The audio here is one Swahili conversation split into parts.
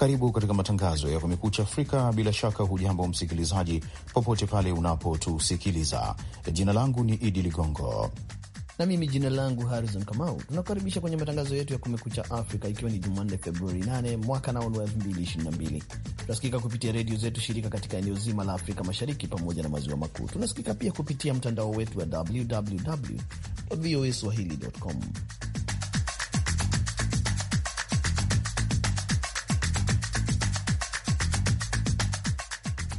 Karibu katika matangazo ya Kumekucha Afrika. Bila shaka, hujambo msikilizaji, popote pale unapotusikiliza. Jina langu ni Idi Ligongo na mimi jina langu Harrison Kamau. Tunakukaribisha kwenye matangazo yetu ya Kumekucha Afrika, ikiwa ni Jumanne Februari 8 mwaka nao wa 2022. Tunasikika kupitia redio zetu shirika katika eneo zima la Afrika Mashariki pamoja na maziwa makuu. Tunasikika pia kupitia mtandao wetu wa www voa swahili.com.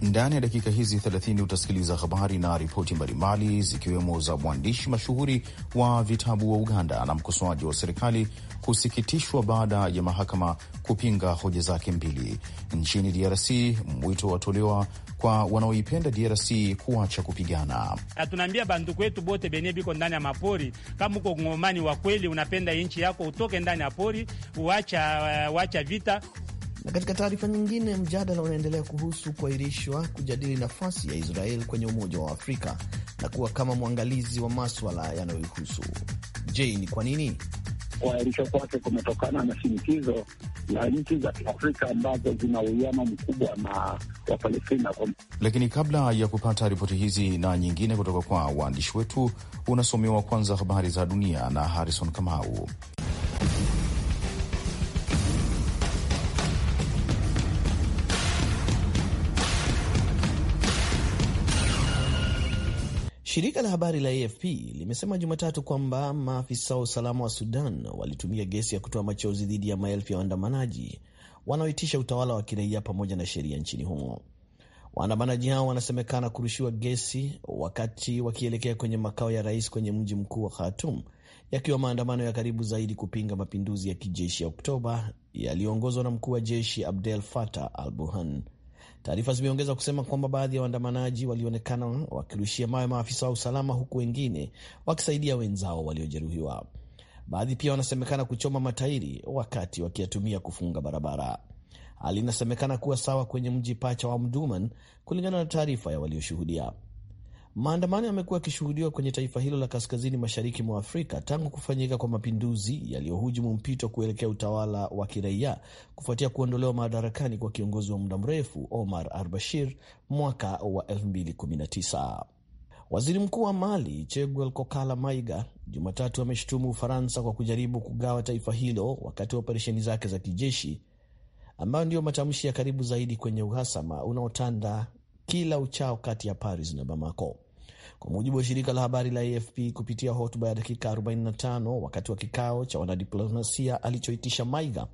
Ndani ya dakika hizi 30 utasikiliza habari na ripoti mbalimbali zikiwemo za mwandishi mashuhuri wa vitabu wa Uganda na mkosoaji wa serikali kusikitishwa baada ya mahakama kupinga hoja zake mbili. Nchini DRC mwito watolewa kwa wanaoipenda DRC kuacha kupigana. Tunaambia banduku wetu bote benye biko ndani ya mapori, kama uko ngomani wa kweli unapenda nchi yako, utoke ndani ya pori, uacha, eh, uacha vita na katika taarifa nyingine, mjadala unaendelea kuhusu kuahirishwa kujadili nafasi ya Israel kwenye Umoja wa Afrika na kuwa kama mwangalizi wa maswala yanayoihusu. Je, ni kwa nini kuahirishwa kwake kumetokana na shinikizo la nchi za Kiafrika ambazo zina uwiano mkubwa na Wapalestina. Lakini kabla ya kupata ripoti hizi na nyingine kutoka kwa waandishi wetu, unasomewa kwanza habari za dunia na Harrison Kamau. Shirika la habari la AFP limesema Jumatatu kwamba maafisa wa usalama wa Sudan walitumia gesi ya kutoa machozi dhidi ya maelfu ya waandamanaji wanaoitisha utawala wa kiraia pamoja na sheria nchini humo. Waandamanaji hao wanasemekana kurushiwa gesi wakati wakielekea kwenye makao ya rais kwenye mji mkuu wa Khartoum, yakiwa maandamano ya karibu zaidi kupinga mapinduzi ya kijeshi ya Oktoba yaliyoongozwa na mkuu wa jeshi Abdel Fattah al-Burhan. Taarifa zimeongeza kusema kwamba baadhi ya waandamanaji walionekana wakirushia mawe maafisa wa usalama, huku wengine wakisaidia wenzao waliojeruhiwa. Baadhi pia wanasemekana kuchoma matairi wakati wakiyatumia kufunga barabara. Hali inasemekana kuwa sawa kwenye mji pacha wa Mduman kulingana na taarifa ya walioshuhudia. Maandamano yamekuwa yakishuhudiwa kwenye taifa hilo la kaskazini mashariki mwa Afrika tangu kufanyika kwa mapinduzi yaliyohujumu mpito kuelekea utawala wa kiraia kufuatia kuondolewa madarakani kwa kiongozi wa muda mrefu Omar al-Bashir mwaka wa 2019. Waziri Mkuu wa Mali Cheguel Kokala Maiga Jumatatu ameshutumu Ufaransa kwa kujaribu kugawa taifa hilo wakati wa operesheni zake za kijeshi ambayo ndiyo matamshi ya karibu zaidi kwenye uhasama unaotanda kila uchao kati ya Paris na Bamako. Kwa mujibu wa shirika la habari la AFP, kupitia hotuba ya dakika 45 wakati wa kikao cha wanadiplomasia alichoitisha Maiga,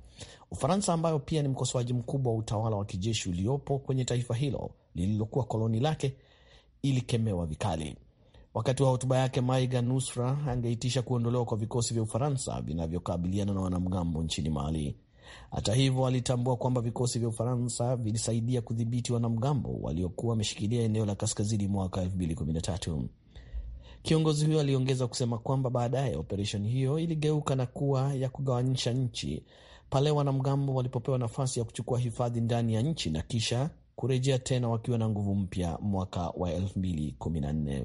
Ufaransa ambayo pia ni mkosoaji mkubwa wa utawala wa kijeshi uliopo kwenye taifa hilo lililokuwa koloni lake, ilikemewa vikali. Wakati wa hotuba yake, Maiga nusra angeitisha kuondolewa kwa vikosi vya Ufaransa vinavyokabiliana na wanamgambo nchini Mali. Hata hivyo, alitambua kwamba vikosi vya Ufaransa vilisaidia kudhibiti wanamgambo waliokuwa wameshikilia eneo la kaskazini mwaka 2013. Kiongozi huyo aliongeza kusema kwamba baadaye operesheni hiyo iligeuka na kuwa ya kugawanyisha nchi pale wanamgambo walipopewa nafasi ya kuchukua hifadhi ndani ya nchi na kisha kurejea tena wakiwa na nguvu mpya mwaka wa 2014.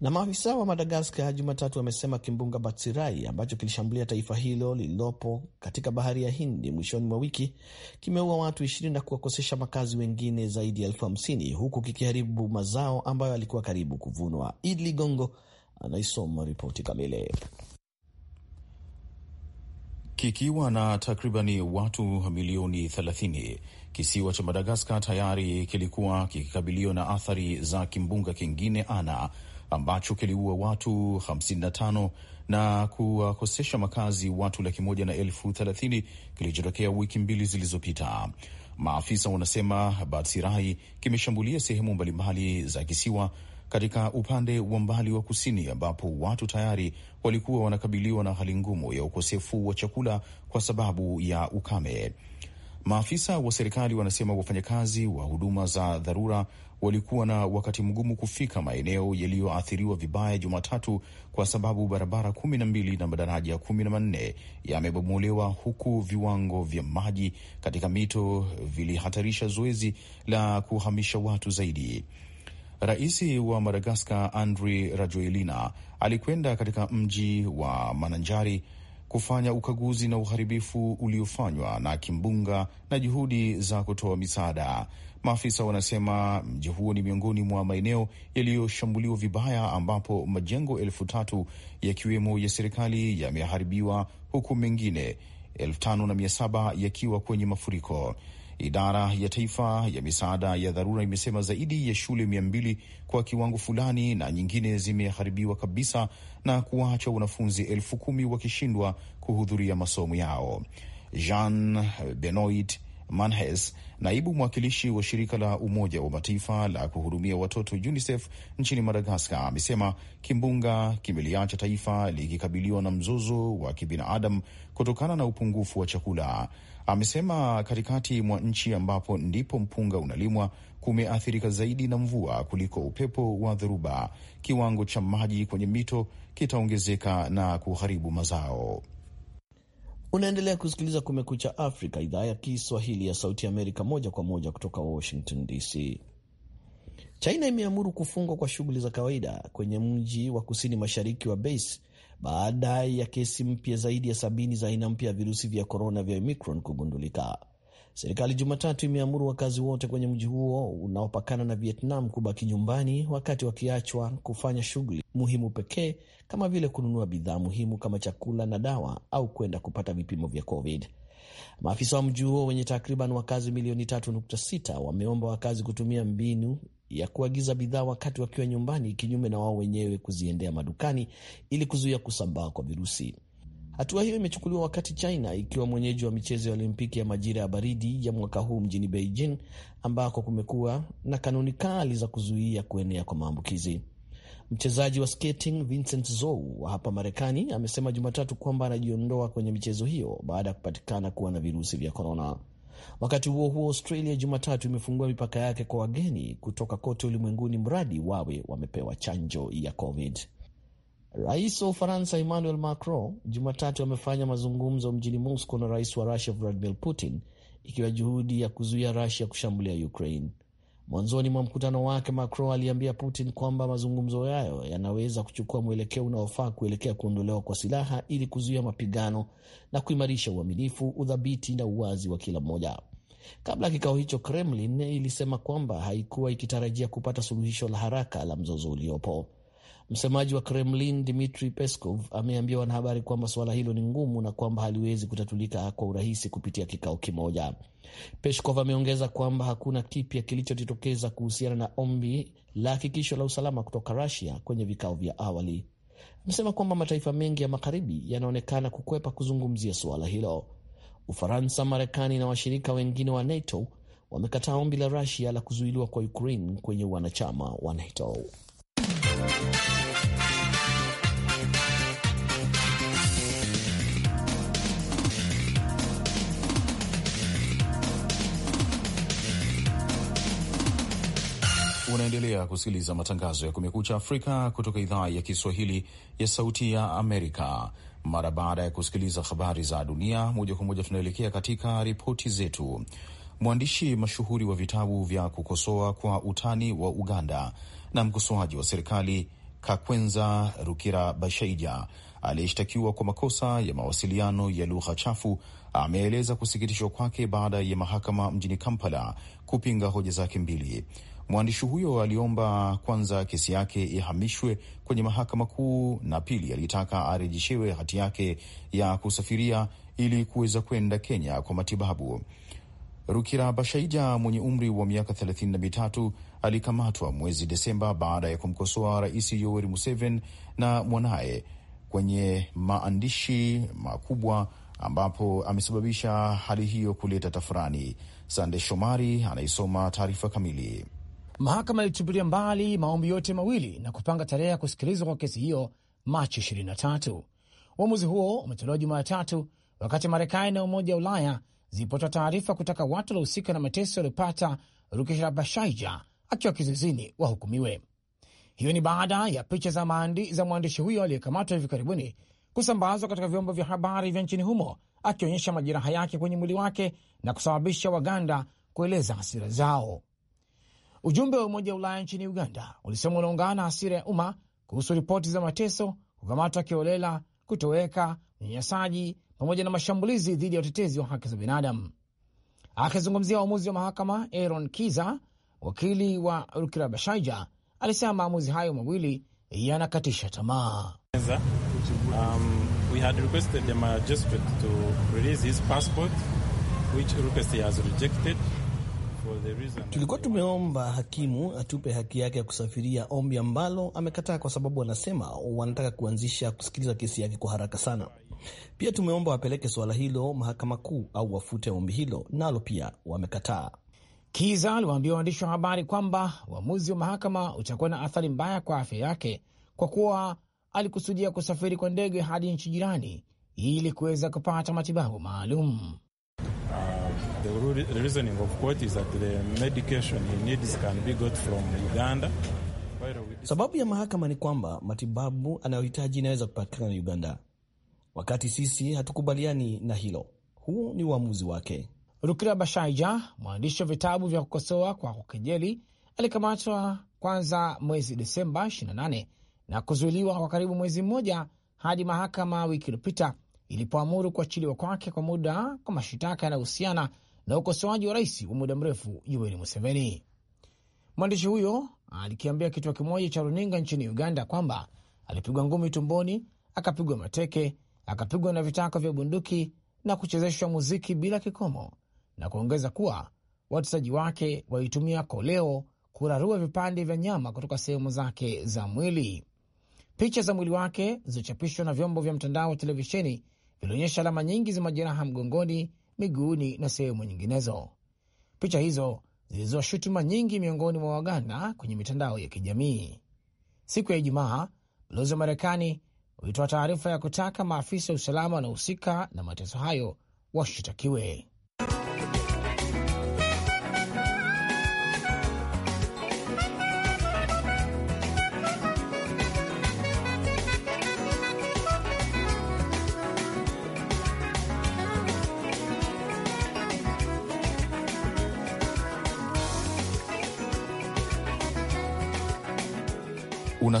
Na maafisa wa Madagaskar Jumatatu wamesema kimbunga Batsirai ambacho kilishambulia taifa hilo lililopo katika bahari ya Hindi mwishoni mwa wiki kimeua watu 20 na kuwakosesha makazi wengine zaidi ya elfu hamsini huku kikiharibu mazao ambayo alikuwa karibu kuvunwa. idli Ligongo anaisoma ripoti kamili. Kikiwa na takribani watu milioni 30 kisiwa cha Madagaskar tayari kilikuwa kikikabiliwa na athari za kimbunga kingine Ana ambacho kiliua watu 55 na kuwakosesha makazi watu laki moja na elfu thelathini kilichotokea wiki mbili zilizopita. Maafisa wanasema Batsirai kimeshambulia sehemu mbalimbali za kisiwa katika upande wa mbali wa kusini ambapo watu tayari walikuwa wanakabiliwa na hali ngumu ya ukosefu wa chakula kwa sababu ya ukame. Maafisa wa serikali wanasema wafanyakazi wa huduma za dharura walikuwa na wakati mgumu kufika maeneo yaliyoathiriwa vibaya Jumatatu kwa sababu barabara kumi na mbili na madaraja kumi na manne yamebomolewa huku viwango vya maji katika mito vilihatarisha zoezi la kuhamisha watu zaidi. Rais wa Madagaskar Andry Rajoelina alikwenda katika mji wa Mananjari kufanya ukaguzi na uharibifu uliofanywa na kimbunga na juhudi za kutoa misaada. Maafisa wanasema mji huo ni miongoni mwa maeneo yaliyoshambuliwa vibaya, ambapo majengo elfu tatu yakiwemo ya serikali yameharibiwa huku mengine elfu tano na mia saba yakiwa kwenye mafuriko. Idara ya Taifa ya Misaada ya Dharura imesema zaidi ya shule mia mbili kwa kiwango fulani na nyingine zimeharibiwa kabisa na kuwaacha wanafunzi elfu kumi wakishindwa kuhudhuria ya masomo yao. Jean Benoit Manhes, naibu mwakilishi wa shirika la Umoja wa Mataifa la kuhudumia watoto UNICEF nchini Madagaskar, amesema kimbunga kimeliacha taifa likikabiliwa na mzozo wa kibinadamu kutokana na upungufu wa chakula. Amesema katikati mwa nchi ambapo ndipo mpunga unalimwa kumeathirika zaidi na mvua kuliko upepo wa dhoruba. Kiwango cha maji kwenye mito kitaongezeka na kuharibu mazao. Unaendelea kusikiliza Kumekucha Afrika, idhaa ya Kiswahili ya Sauti Amerika, moja kwa moja kutoka Washington DC. China imeamuru kufungwa kwa shughuli za kawaida kwenye mji wa kusini mashariki wa Base baada ya kesi mpya zaidi ya sabini za aina mpya ya virusi vya korona vya Omicron kugundulika. Serikali Jumatatu imeamuru wakazi wote kwenye mji huo unaopakana na Vietnam kubaki nyumbani, wakati wakiachwa kufanya shughuli muhimu pekee kama vile kununua bidhaa muhimu kama chakula na dawa au kwenda kupata vipimo vya COVID. Maafisa wa mji huo wenye takriban wakazi milioni 3.6 wameomba wakazi kutumia mbinu ya kuagiza bidhaa wakati wakiwa nyumbani, kinyume na wao wenyewe kuziendea madukani ili kuzuia kusambaa kwa virusi. Hatua hiyo imechukuliwa wakati China ikiwa mwenyeji wa michezo ya Olimpiki ya majira ya baridi ya mwaka huu mjini Beijing, ambako kumekuwa na kanuni kali za kuzuia kuenea kwa maambukizi. Mchezaji wa skating Vincent Zou wa hapa Marekani amesema Jumatatu kwamba anajiondoa kwenye michezo hiyo baada ya kupatikana kuwa na virusi vya korona. Wakati huo huo, Australia Jumatatu imefungua mipaka yake kwa wageni kutoka kote ulimwenguni mradi wawe wamepewa chanjo ya COVID. Rais wa Ufaransa Emmanuel Macron Jumatatu amefanya mazungumzo mjini Moscow na rais wa Rusia Vladimir Putin, ikiwa juhudi ya kuzuia rasia kushambulia Ukraine. Mwanzoni mwa mkutano wake, Macron aliambia Putin kwamba mazungumzo yayo yanaweza kuchukua mwelekeo unaofaa kuelekea kuondolewa kwa silaha ili kuzuia mapigano na kuimarisha uaminifu, udhabiti na uwazi wa kila mmoja. Kabla ya kikao hicho, Kremlin ilisema kwamba haikuwa ikitarajia kupata suluhisho la haraka la mzozo uliopo. Msemaji wa Kremlin Dmitri Peskov ameambia wanahabari kwamba suala hilo ni ngumu na kwamba haliwezi kutatulika kwa urahisi kupitia kikao kimoja. Peskov ameongeza kwamba hakuna kipya kilichojitokeza kuhusiana na ombi la hakikisho la usalama kutoka Rusia kwenye vikao vya awali. Amesema kwamba mataifa mengi ya magharibi yanaonekana kukwepa kuzungumzia suala hilo. Ufaransa, Marekani na washirika wengine wa NATO wamekataa ombi la Rusia la kuzuiliwa kwa Ukraine kwenye wanachama wa NATO. Unaendelea kusikiliza matangazo ya Kumekucha Afrika kutoka idhaa ya Kiswahili ya Sauti ya Amerika. Mara baada ya kusikiliza habari za dunia moja kwa moja, tunaelekea katika ripoti zetu. Mwandishi mashuhuri wa vitabu vya kukosoa kwa utani wa Uganda na mkosoaji wa serikali Kakwenza rukira bashaija aliyeshtakiwa kwa makosa ya mawasiliano ya lugha chafu ameeleza kusikitishwa kwake baada ya mahakama mjini Kampala kupinga hoja zake mbili. Mwandishi huyo aliomba kwanza kesi yake ihamishwe kwenye mahakama kuu, na pili alitaka arejeshewe hati yake ya kusafiria ili kuweza kwenda Kenya kwa matibabu. rukira bashaija mwenye umri wa miaka thelathini na mitatu alikamatwa mwezi Desemba baada ya kumkosoa Rais Yoweri Museveni na mwanaye kwenye maandishi makubwa ambapo amesababisha hali hiyo kuleta tafurani. Sande Shomari anaisoma taarifa kamili. Mahakama ilitupilia mbali maombi yote mawili na kupanga tarehe ya kusikilizwa kwa kesi hiyo Machi 23. Uamuzi huo umetolewa Jumatatu wakati Marekani na Umoja wa Ulaya zilipotoa taarifa kutaka watu waliohusika na mateso yaliyopata Bashaija akiwa kizuizini wahukumiwe. Hiyo ni baada ya picha za maandi za mwandishi huyo aliyekamatwa hivi karibuni kusambazwa katika vyombo vya habari vya nchini humo akionyesha majeraha yake kwenye mwili wake na kusababisha Waganda kueleza hasira zao. Ujumbe wa Umoja wa Ulaya nchini Uganda ulisema unaungana hasira ya umma kuhusu ripoti za mateso, kukamatwa kiolela, kutoweka, unyanyasaji pamoja na mashambulizi dhidi ya utetezi wa haki za binadamu. Akizungumzia uamuzi wa mahakama, Aaron Kiza, wakili wa Rukirabashaija, alisema maamuzi hayo mawili yanakatisha tamaa. Um, we had requested the magistrate to release his passport, which request he has rejected. Tulikuwa tumeomba hakimu atupe haki yake ya kusafiria, ombi ambalo amekataa kwa sababu anasema wanataka kuanzisha kusikiliza kesi yake kwa haraka sana. Pia tumeomba wapeleke suala hilo mahakama kuu au wafute ombi hilo, nalo pia wamekataa. Kiza aliwaambia waandishi wa habari kwamba uamuzi wa mahakama utakuwa na athari mbaya kwa afya yake kwa kuwa alikusudia kusafiri kwa ndege hadi nchi jirani ili kuweza kupata matibabu maalum. Sababu ya mahakama ni kwamba matibabu anayohitaji inaweza kupatikana Uganda, wakati sisi hatukubaliani na hilo. Huu ni uamuzi wake. Rukira Bashaija, mwandishi wa vitabu vya kukosoa kwa kukejeli, alikamatwa kwanza mwezi Desemba 28 na kuzuiliwa kwa karibu mwezi mmoja hadi mahakama wiki iliyopita ilipoamuru kuachiliwa kwake kwa muda kwa mashitaka yanayohusiana na ukosoaji wa rais wa muda mrefu Yoweri Museveni. Mwandishi huyo alikiambia kituo kimoja cha runinga nchini Uganda kwamba alipigwa ngumi tumboni, akapigwa mateke, akapigwa na vitako vya bunduki na kuchezeshwa muziki bila kikomo, na kuongeza kuwa watesaji wake walitumia koleo kurarua vipande vya nyama kutoka sehemu zake za mwili. Picha za mwili wake zilichapishwa na vyombo vya mtandao wa televisheni vilionyesha alama nyingi za majeraha mgongoni, miguuni na sehemu nyinginezo. Picha hizo zilizoa shutuma nyingi miongoni mwa Waganda kwenye mitandao ya kijamii. Siku ya Ijumaa, balozi wa Marekani ulitoa taarifa ya kutaka maafisa wa usalama wanaohusika na mateso hayo washitakiwe.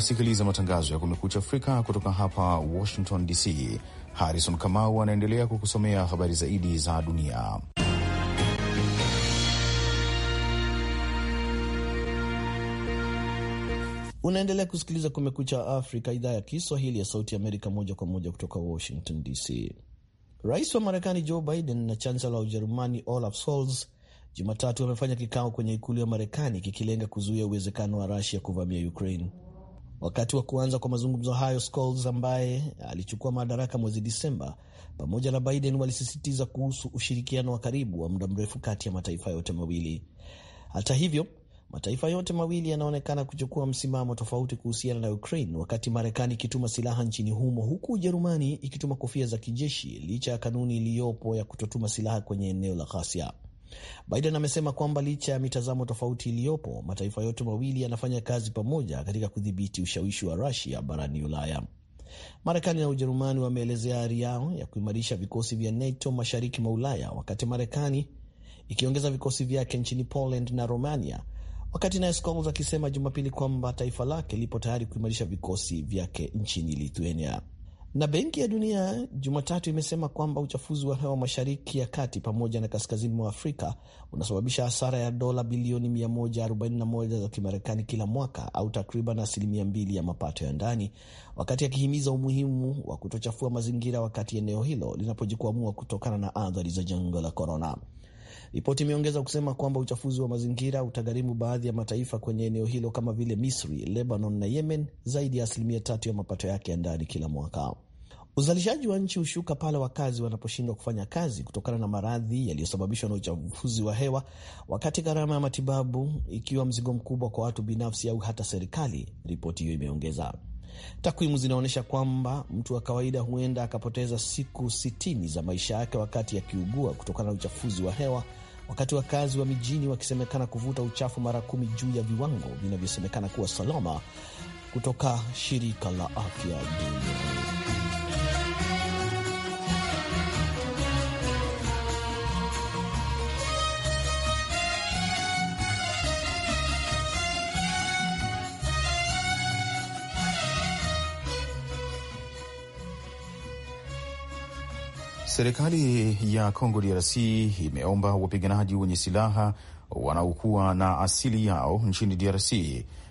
unasikiliza matangazo ya Kumekucha Afrika kutoka hapa Washington DC. Harrison Kamau anaendelea kukusomea habari zaidi za dunia. Unaendelea kusikiliza Kumekucha Afrika, idhaa ya Kiswahili ya Sauti Amerika, moja kwa moja kutoka Washington DC. Rais wa Marekani Joe Biden na chansela wa Ujerumani Olaf Scholz Jumatatu wamefanya kikao kwenye ikulu ya Marekani kikilenga kuzuia uwezekano wa Rasia kuvamia Ukraine. Wakati wa kuanza kwa mazungumzo hayo, Scholz ambaye alichukua madaraka mwezi Disemba pamoja na Biden walisisitiza kuhusu ushirikiano wa karibu wa muda mrefu kati ya mataifa yote mawili. Hata hivyo, mataifa yote mawili yanaonekana kuchukua msimamo tofauti kuhusiana na Ukraine, wakati Marekani ikituma silaha nchini humo huku Ujerumani ikituma kofia za kijeshi licha ya kanuni iliyopo ya kutotuma silaha kwenye eneo la ghasia. Biden amesema kwamba licha ya mitazamo tofauti iliyopo, mataifa yote mawili yanafanya kazi pamoja katika kudhibiti ushawishi wa Rusia barani Ulaya. Marekani na Ujerumani wameelezea ari yao ya kuimarisha vikosi vya NATO mashariki mwa Ulaya, wakati Marekani ikiongeza vikosi vyake nchini Poland na Romania, wakati naye Scholz akisema Jumapili kwamba taifa lake lipo tayari kuimarisha vikosi vyake nchini Lithuania. Na Benki ya Dunia Jumatatu imesema kwamba uchafuzi wa hewa mashariki ya kati pamoja na kaskazini mwa Afrika unasababisha hasara ya dola bilioni 141 za Kimarekani kila mwaka au takriban asilimia mbili ya mapato ya ndani, wakati akihimiza umuhimu wa kutochafua mazingira wakati eneo hilo linapojikwamua kutokana na athari za janga la korona. Ripoti imeongeza kusema kwamba uchafuzi wa mazingira utagharimu baadhi ya mataifa kwenye eneo hilo kama vile Misri, Lebanon na Yemen zaidi ya asilimia tatu ya mapato yake ya ndani kila mwaka. Uzalishaji wa nchi hushuka pale wakazi wanaposhindwa kufanya kazi kutokana na maradhi yaliyosababishwa na uchafuzi wa hewa, wakati gharama ya matibabu ikiwa mzigo mkubwa kwa watu binafsi au hata serikali, ripoti hiyo imeongeza. Takwimu zinaonyesha kwamba mtu wa kawaida huenda akapoteza siku sitini za maisha yake wakati akiugua ya kutokana na uchafuzi wa hewa wakati wakazi wa mijini wakisemekana kuvuta uchafu mara kumi juu ya viwango vinavyosemekana kuwa salama kutoka shirika la afya duniani. Serikali ya congo DRC imeomba wapiganaji wenye silaha wanaokuwa na asili yao nchini DRC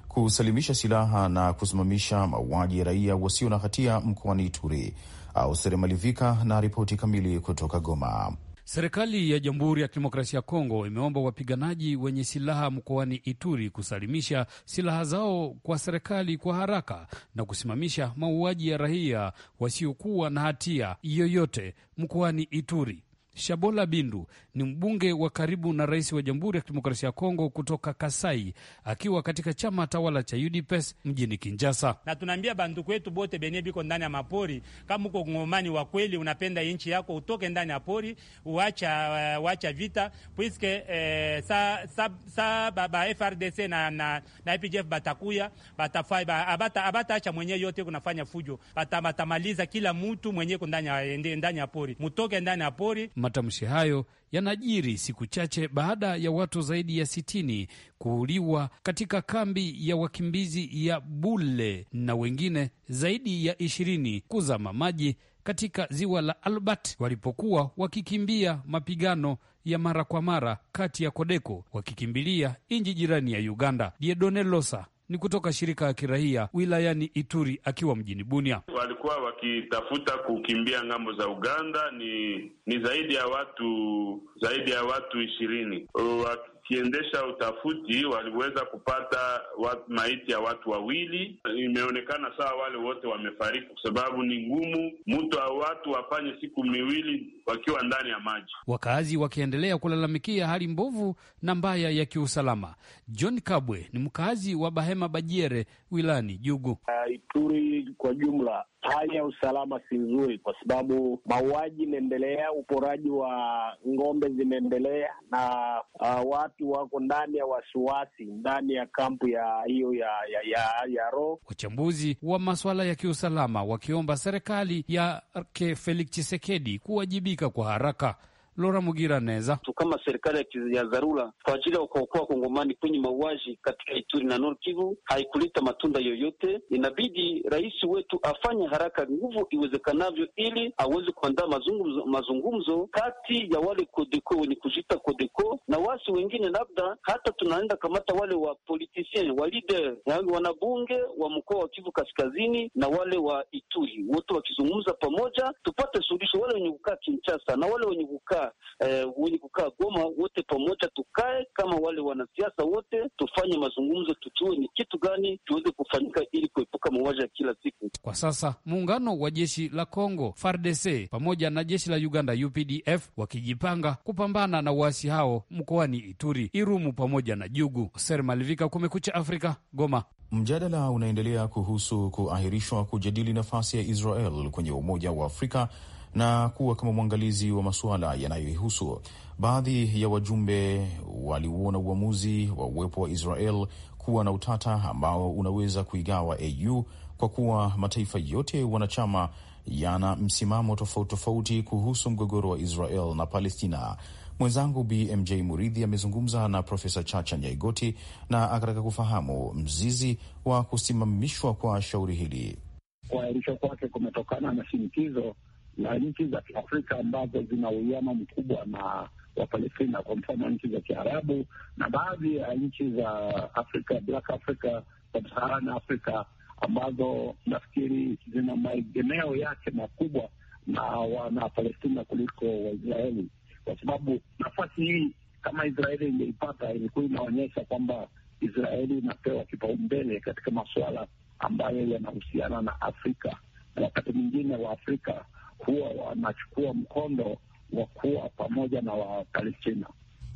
kusalimisha silaha na kusimamisha mauaji ya raia wasio na hatia mkoani Ituri. Au seremalivika na ripoti kamili kutoka Goma. Serikali ya Jamhuri ya Kidemokrasia ya Kongo imeomba wapiganaji wenye silaha mkoani Ituri kusalimisha silaha zao kwa serikali kwa haraka na kusimamisha mauaji ya raia wasiokuwa na hatia yoyote mkoani Ituri. Shabola Bindu ni mbunge wa karibu na rais wa Jamhuri ya Kidemokrasia ya Kongo kutoka Kasai, akiwa katika chama tawala cha UDPS mjini kinjasa Na tunaambia banduku wetu bote benye biko ndani ya mapori, kama uko ngomani wa kweli, unapenda nchi yako, utoke ndani ya pori, uacha eh, uacha vita puiske eh, sa, sa, sa ba, FRDC na na, na IPDF batakuya batafai ba, abata abata acha mwenye yote kunafanya fujo, batamaliza kila mtu mwenye ndani ndani ya pori, mutoke ndani ya pori Ma Matamshi hayo yanajiri siku chache baada ya watu zaidi ya sitini kuuliwa katika kambi ya wakimbizi ya Bule na wengine zaidi ya ishirini kuzama maji katika ziwa la Albert walipokuwa wakikimbia mapigano ya mara kwa mara kati ya Kodeko wakikimbilia nchi jirani ya Uganda. Diedone Losa ni kutoka shirika ya kiraia wilayani Ituri akiwa mjini Bunia. Walikuwa wakitafuta kukimbia ng'ambo za Uganda, ni ni zaidi ya watu zaidi ya watu ishirini wakiendesha utafuti waliweza kupata wat, maiti ya watu wawili. Imeonekana sawa wale wote wamefariki, kwa sababu ni ngumu mtu au watu wafanye siku miwili wakiwa ndani ya maji. Wakaazi wakiendelea kulalamikia hali mbovu na mbaya ya kiusalama. John Kabwe ni mkaazi wa Bahema Bajiere wilani Jugu. Uh, Ituri kwa jumla hali ya usalama si nzuri, kwa sababu mauaji inaendelea, uporaji wa ng'ombe zimeendelea, na uh, watu wako ndani ya wasiwasi ndani ya kampu ya hiyo ya, ya, ya, ya Ro. Wachambuzi wa masuala ya kiusalama wakiomba serikali yake Felix Chisekedi kuwajibika kwa haraka Lora neza Kama serikali ya dharura kwa ajili ya kuokoa Kongomani kwenye mauaji katika Ituri na Nord Kivu haikuleta matunda yoyote. Inabidi rais wetu afanye haraka nguvu iwezekanavyo, ili aweze kuandaa mazungumzo, mazungumzo kati ya wale Kodeko wenye kujita Kodeko na wasi wengine, labda hata tunaenda kamata wale wa politisien wa leader, yaani wanabunge wa mkoa wa Kivu Kaskazini na wale wa Ituri, wote wakizungumza pamoja, tupate suluhisho, wale wenye kukaa Kinshasa na wale wenye kukaa eh, wenye kukaa Goma wote pamoja, tukae kama wale wanasiasa wote, tufanye mazungumzo, tujue ni kitu gani tuweze kufanyika ili kuepuka mauaji ya kila siku. Kwa sasa muungano wa jeshi la congo FARDC pamoja na jeshi la Uganda UPDF wakijipanga kupambana na waasi hao mkoani Ituri, Irumu pamoja na Jugu. Ser Malivika, Kumekucha Afrika, Goma. Mjadala unaendelea kuhusu kuahirishwa kujadili nafasi ya Israel kwenye Umoja wa Afrika na kuwa kama mwangalizi wa masuala yanayoihusu. Baadhi ya wajumbe waliuona uamuzi wa uwepo wa Israel kuwa na utata ambao unaweza kuigawa AU kwa kuwa mataifa yote wanachama yana msimamo tofauti tofauti kuhusu mgogoro wa Israel na Palestina. Mwenzangu BMJ Muridhi amezungumza na Profesa Chacha Nyaigoti na akataka kufahamu mzizi wa kusimamishwa kwa shauri hili. Kuahirishwa kwake kumetokana na shinikizo na nchi za Kiafrika ambazo zina uwiano mkubwa na Wapalestina, kwa mfano nchi za Kiarabu na baadhi ya nchi za Afrika, Black Africa, Sub-Saharan Africa, ambazo nafikiri zina maegemeo yake makubwa na wana Palestina kuliko Waisraeli, kwa sababu nafasi hii kama Israeli ingeipata ilikuwa inaonyesha kwamba Israeli inapewa kipaumbele katika masuala ambayo yanahusiana na Afrika na wakati mwingine wa afrika kuwa wanachukua mkondo wa kuwa pamoja na Wapalestina.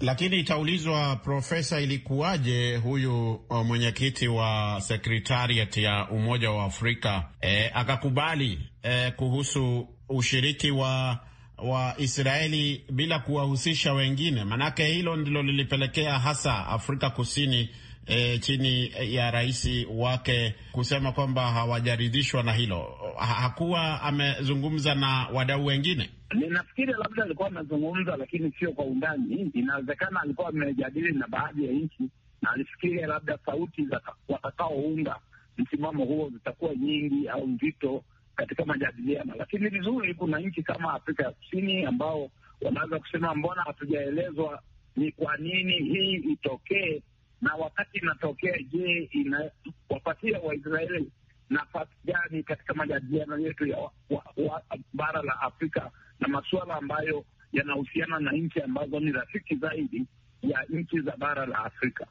Lakini itaulizwa Profesa, ilikuwaje huyu uh, mwenyekiti wa sekretariat ya Umoja wa Afrika e, akakubali e, kuhusu ushiriki wa wa Israeli bila kuwahusisha wengine? Maanake hilo ndilo lilipelekea hasa Afrika Kusini e, chini ya rais wake kusema kwamba hawajaridhishwa na hilo. Hakuwa amezungumza na wadau wengine. Ninafikiri labda alikuwa amezungumza, lakini sio kwa undani. Inawezekana alikuwa amejadili na baadhi ya nchi na alifikiria labda sauti za watakaounga msimamo huo zitakuwa nyingi au nzito katika majadiliano, lakini vizuri, kuna nchi kama Afrika ya Kusini ambao wanaweza kusema mbona hatujaelezwa ni kwa nini hii itokee na wakati inatokea, je, inawapatia Waisraeli nafasi gani katika majadiliano yetu ya wa, wa, wa, bara la Afrika na masuala ambayo yanahusiana na nchi ambazo ni rafiki zaidi ya nchi za bara la Afrika.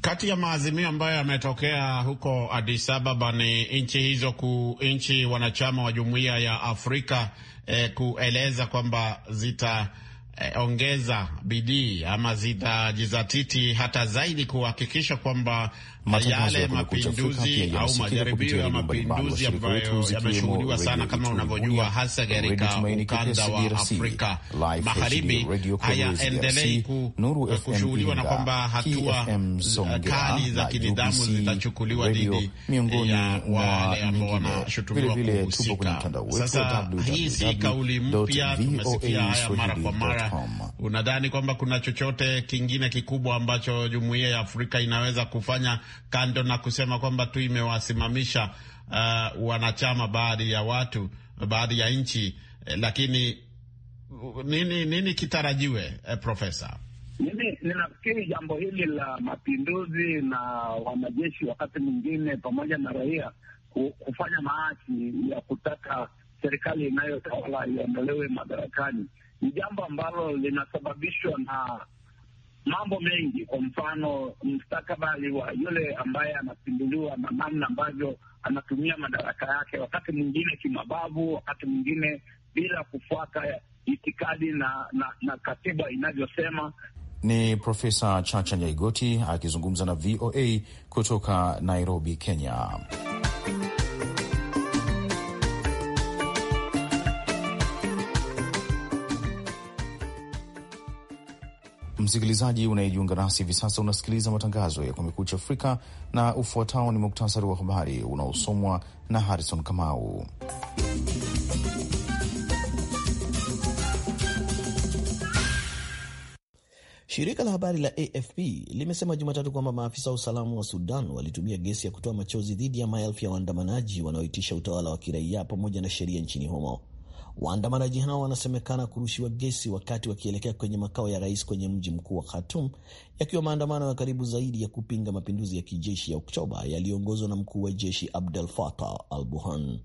Kati ya maazimio ambayo yametokea huko Addis Ababa ni nchi hizo ku nchi wanachama wa jumuiya ya Afrika eh, kueleza kwamba zita eh, ongeza bidii ama zitajizatiti hata zaidi kuhakikisha kwamba yale mapinduzi au majaribio ya mapinduzi ambayo yameshuhudiwa sana kama unavyojua, hasa katika ukanda wa Afrika Magharibi, hayaendelei kushuhudiwa na kwamba hatua kali za kinidhamu zitachukuliwa dhidi ya wale ambao wanashutumiwa kuhusika. Sasa hii si kauli mpya, tumesikia haya mara kwa mara. Unadhani kwamba kuna chochote kingine kikubwa ambacho jumuiya ya Afrika inaweza kufanya kando na kusema kwamba tu imewasimamisha uh, wanachama baadhi ya watu, baadhi ya nchi eh, lakini uh, nini nini kitarajiwe eh, profesa? Mimi ninafikiri jambo hili la mapinduzi na wanajeshi wakati mwingine pamoja na raia kufanya maasi ya kutaka serikali inayotawala iondolewe madarakani ni jambo ambalo linasababishwa na mambo mengi, kwa mfano mstakabali wa yule ambaye anapinduliwa na namna ambavyo anatumia madaraka yake, wakati mwingine kimabavu, wakati mwingine bila kufuata itikadi na, na, na katiba inavyosema. Ni Profesa Chacha Nyaigoti akizungumza na VOA kutoka Nairobi, Kenya. Msikilizaji unayejiunga nasi hivi sasa, unasikiliza matangazo ya Kumekucha Afrika na ufuatao ni muktasari wa habari unaosomwa na Harrison Kamau. Shirika la habari la AFP limesema Jumatatu kwamba maafisa wa usalama wa Sudan walitumia gesi ya kutoa machozi dhidi ya maelfu ya waandamanaji wanaoitisha utawala wa kiraia pamoja na sheria nchini humo. Waandamanaji hao wanasemekana kurushiwa gesi wakati wakielekea kwenye makao ya rais kwenye mji mkuu wa Khartoum, yakiwa maandamano ya karibu zaidi ya kupinga mapinduzi ya kijeshi ya Oktoba yaliyoongozwa na mkuu wa jeshi Abdel Fattah al-Burhan.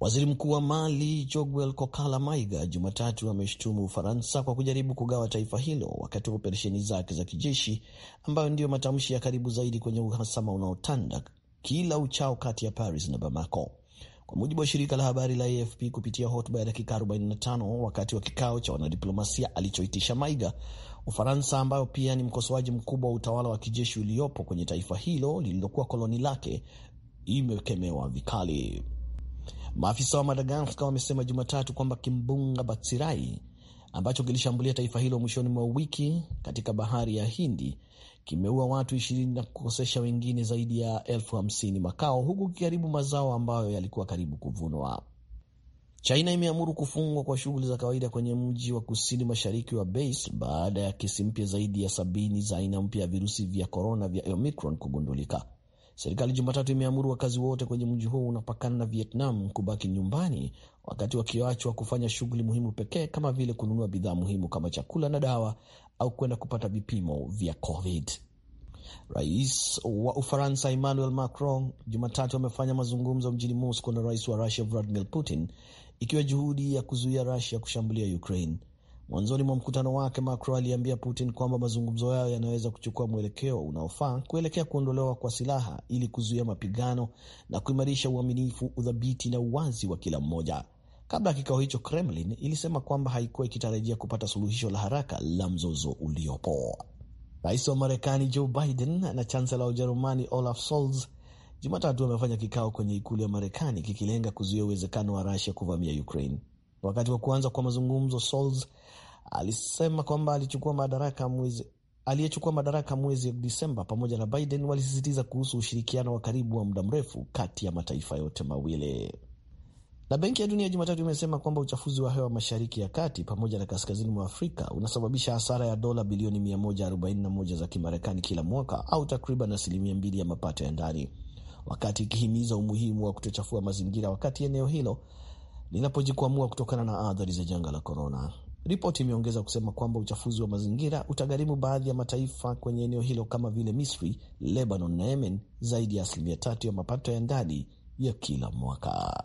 Waziri Mkuu wa Mali Joguel Kokala Maiga Jumatatu ameshutumu Ufaransa kwa kujaribu kugawa taifa hilo wakati wa operesheni zake za kijeshi, ambayo ndiyo matamshi ya karibu zaidi kwenye uhasama unaotanda kila uchao kati ya Paris na Bamako kwa mujibu wa shirika la habari la AFP kupitia hotuba ya dakika 45 wakati wa kikao cha wanadiplomasia alichoitisha Maiga. Ufaransa ambayo pia ni mkosoaji mkubwa wa utawala wa kijeshi uliopo kwenye taifa hilo lililokuwa koloni lake imekemewa vikali. Maafisa wa Madagaskar wamesema Jumatatu kwamba kimbunga Batsirai ambacho kilishambulia taifa hilo mwishoni mwa wiki katika bahari ya Hindi kimeua watu ishirini na kukosesha wengine zaidi ya elfu hamsini makao huku kikiharibu mazao ambayo yalikuwa karibu kuvunwa. China imeamuru kufungwa kwa shughuli za kawaida kwenye mji wa kusini mashariki wa Base baada ya kesi mpya zaidi ya sabini za aina mpya ya virusi vya korona vya Omicron kugundulika. Serikali Jumatatu imeamuru wakazi wote kwenye mji huo unapakana na Vietnam kubaki nyumbani, wakati wakiachwa kufanya shughuli muhimu pekee kama vile kununua bidhaa muhimu kama chakula na dawa, au kwenda kupata vipimo vya COVID. Rais wa Ufaransa Emmanuel Macron Jumatatu amefanya mazungumzo mjini Moscow na rais wa Rusia Vladimir Putin, ikiwa juhudi ya kuzuia rasia kushambulia Ukraine. Mwanzoni mwa mkutano wake, Macron aliambia Putin kwamba mazungumzo yao yanaweza kuchukua mwelekeo unaofaa kuelekea kuondolewa kwa silaha ili kuzuia mapigano na kuimarisha uaminifu, udhabiti na uwazi wa kila mmoja. Kabla ya kikao hicho, Kremlin ilisema kwamba haikuwa ikitarajia kupata suluhisho la haraka la mzozo uliopo. Rais wa Marekani Joe Biden na chancela wa Ujerumani Olaf Scholz Jumatatu wamefanya kikao kwenye ikulu ya Marekani kikilenga kuzuia uwezekano wa Rusia kuvamia Ukraine. Wakati wa kuanza kwa mazungumzo, Scholz alisema kwamba alichukua madaraka mwezi aliyechukua madaraka mwezi Desemba pamoja na Biden walisisitiza kuhusu ushirikiano wa karibu wa muda mrefu kati ya mataifa yote mawili. Na Benki ya Dunia Jumatatu imesema kwamba uchafuzi wa hewa mashariki ya kati pamoja na kaskazini mwa Afrika unasababisha hasara ya dola bilioni 141 za Kimarekani kila mwaka au takriban asilimia mbili ya mapato ya ndani, wakati ikihimiza umuhimu wa kutochafua mazingira wakati eneo hilo linapojikwamua kutokana na athari za janga la korona. Ripoti imeongeza kusema kwamba uchafuzi wa mazingira utagharimu baadhi ya mataifa kwenye eneo hilo kama vile Misri, Lebanon na Yemen zaidi ya asilimia tatu ya mapato ya ndani ya kila mwaka.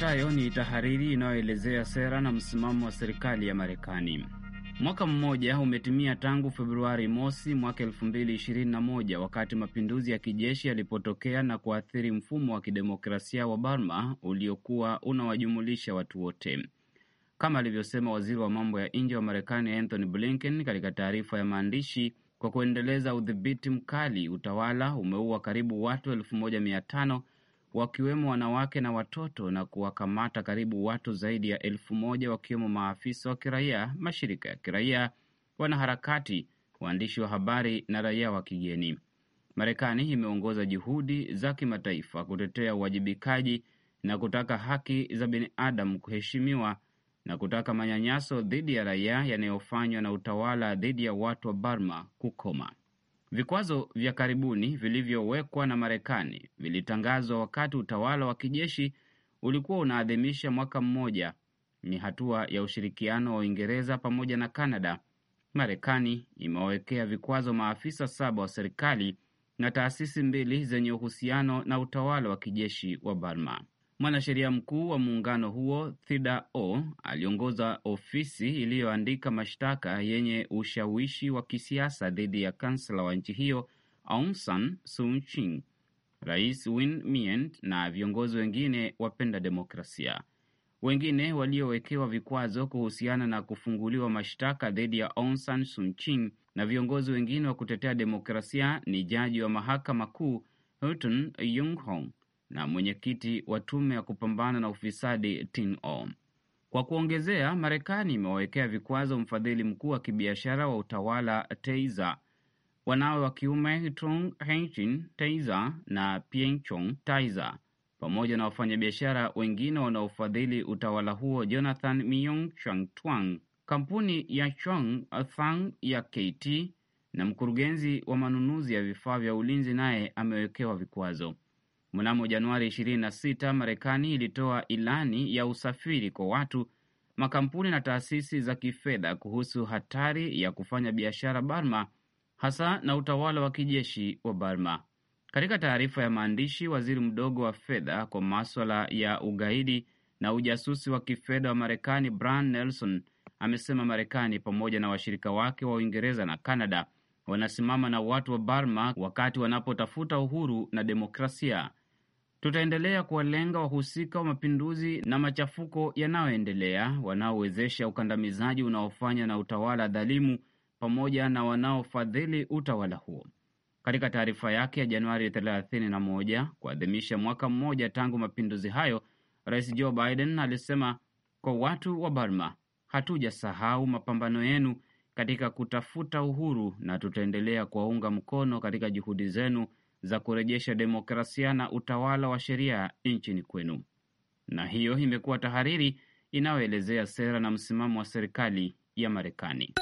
Ifuatayo ni tahariri inayoelezea sera na msimamo wa serikali ya Marekani. Mwaka mmoja umetimia tangu Februari mosi mwaka elfu mbili ishirini na moja wakati mapinduzi ya kijeshi yalipotokea na kuathiri mfumo wa kidemokrasia wa Burma uliokuwa unawajumulisha watu wote. Kama alivyosema waziri wa mambo ya nje wa Marekani Anthony Blinken katika taarifa ya maandishi, kwa kuendeleza udhibiti mkali, utawala umeua karibu watu elfu moja mia tano wakiwemo wanawake na watoto na kuwakamata karibu watu zaidi ya elfu moja wakiwemo maafisa wa kiraia, mashirika ya kiraia, wanaharakati, waandishi wa habari na raia wa kigeni. Marekani imeongoza juhudi za kimataifa kutetea uwajibikaji na kutaka haki za binadamu kuheshimiwa na kutaka manyanyaso dhidi ya raia yanayofanywa na utawala dhidi ya watu wa Burma kukoma. Vikwazo vya karibuni vilivyowekwa na Marekani vilitangazwa wakati utawala wa kijeshi ulikuwa unaadhimisha mwaka mmoja. Ni hatua ya ushirikiano wa Uingereza pamoja na Kanada. Marekani imewawekea vikwazo maafisa saba wa serikali na taasisi mbili zenye uhusiano na utawala wa kijeshi wa Burma. Mwanasheria mkuu wa muungano huo Thida O aliongoza ofisi iliyoandika mashtaka yenye ushawishi wa kisiasa dhidi ya kansela wa nchi hiyo Aung San Suu Kyi, Rais Win Myint na viongozi wengine wapenda demokrasia. Wengine waliowekewa vikwazo kuhusiana na kufunguliwa mashtaka dhidi ya Aung San Suu Kyi na viongozi wengine wa kutetea demokrasia ni jaji wa mahakama kuu Houghton Yunghong, na mwenyekiti wa tume ya kupambana na ufisadi Tin O. Kwa kuongezea, Marekani imewawekea vikwazo mfadhili mkuu wa kibiashara wa utawala Teiza, wanawe wa kiume Trung Henchin Teiza na Pienchong Taiza, pamoja na wafanyabiashara wengine wanaofadhili utawala huo, Jonathan Myong twang kampuni ya Chong Thang ya KT na mkurugenzi wa manunuzi ya vifaa vya ulinzi, naye amewekewa vikwazo. Mnamo Januari 26 Marekani ilitoa ilani ya usafiri kwa watu, makampuni na taasisi za kifedha kuhusu hatari ya kufanya biashara Burma, hasa na utawala wa kijeshi wa Burma. Katika taarifa ya maandishi, waziri mdogo wa fedha kwa maswala ya ugaidi na ujasusi wa kifedha wa Marekani Brian Nelson amesema Marekani pamoja na washirika wake wa Uingereza na Kanada wanasimama na watu wa Burma wakati wanapotafuta uhuru na demokrasia. Tutaendelea kuwalenga wahusika wa mapinduzi na machafuko yanayoendelea, wanaowezesha ukandamizaji unaofanywa na utawala dhalimu, pamoja na wanaofadhili utawala huo. Katika taarifa yake ya Januari 31 kuadhimisha mwaka mmoja tangu mapinduzi hayo, Rais Joe Biden alisema, kwa watu wa Burma, hatujasahau mapambano yenu katika kutafuta uhuru na tutaendelea kuwaunga mkono katika juhudi zenu za kurejesha demokrasia na utawala wa sheria nchini kwenu. Na hiyo imekuwa tahariri inayoelezea sera na msimamo wa serikali ya Marekani.